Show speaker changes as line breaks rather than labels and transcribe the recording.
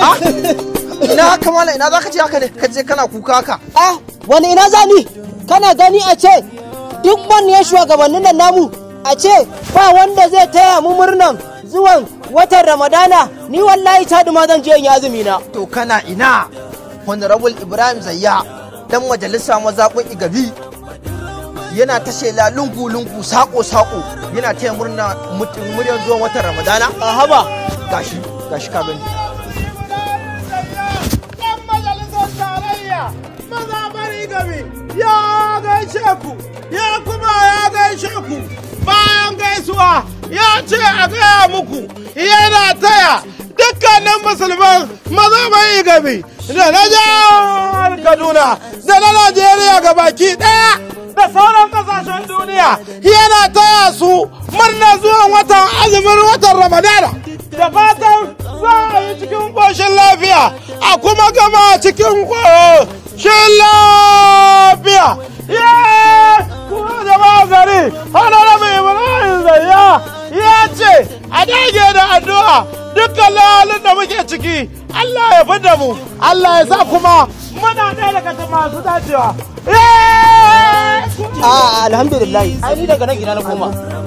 Ah! ina haka mala ina ka ce haka ne ka je kana kuka ka. ah wani ina zani kana gani a ce duk ya shugabannin nan namu a ce ba wanda zai taya mu murnan zuwan watan ramadana ni
wallahi ta duma zan je in azumi na to kana ina honorable ibrahim zayya dan majalisa Mazaƙun igabi yana ta shela lungu-lungu sako-sako yana taya murna mutum muryan zuwan watan ramadana a haba gashi gashi ka gani
ya gaishe ku, ya kuma ya gaishe ku bayan gaisuwa ya ce a gaya muku yana taya dukkanin musulman mazamai gami da na jihar Kaduna da na Najeriya gabaki ɗaya. da sauran kasashen duniya yana taya su murnar zuwan watan azumin watan ramadana da fatan za a yi cikin ƙoshin lafiya a kuma gama cikin Shin lafiya! Ye! Kuma jama'a gari, Honorable Ibrahim Zayya ya ce, a dage da addu'a dukkan lalun da muke ciki, Allah ya fi da mu, Allah ya sa kuma muna ɗaya daga ta masu dacewa. Ah, alhamdulillah, ai ni daga na gina na koma.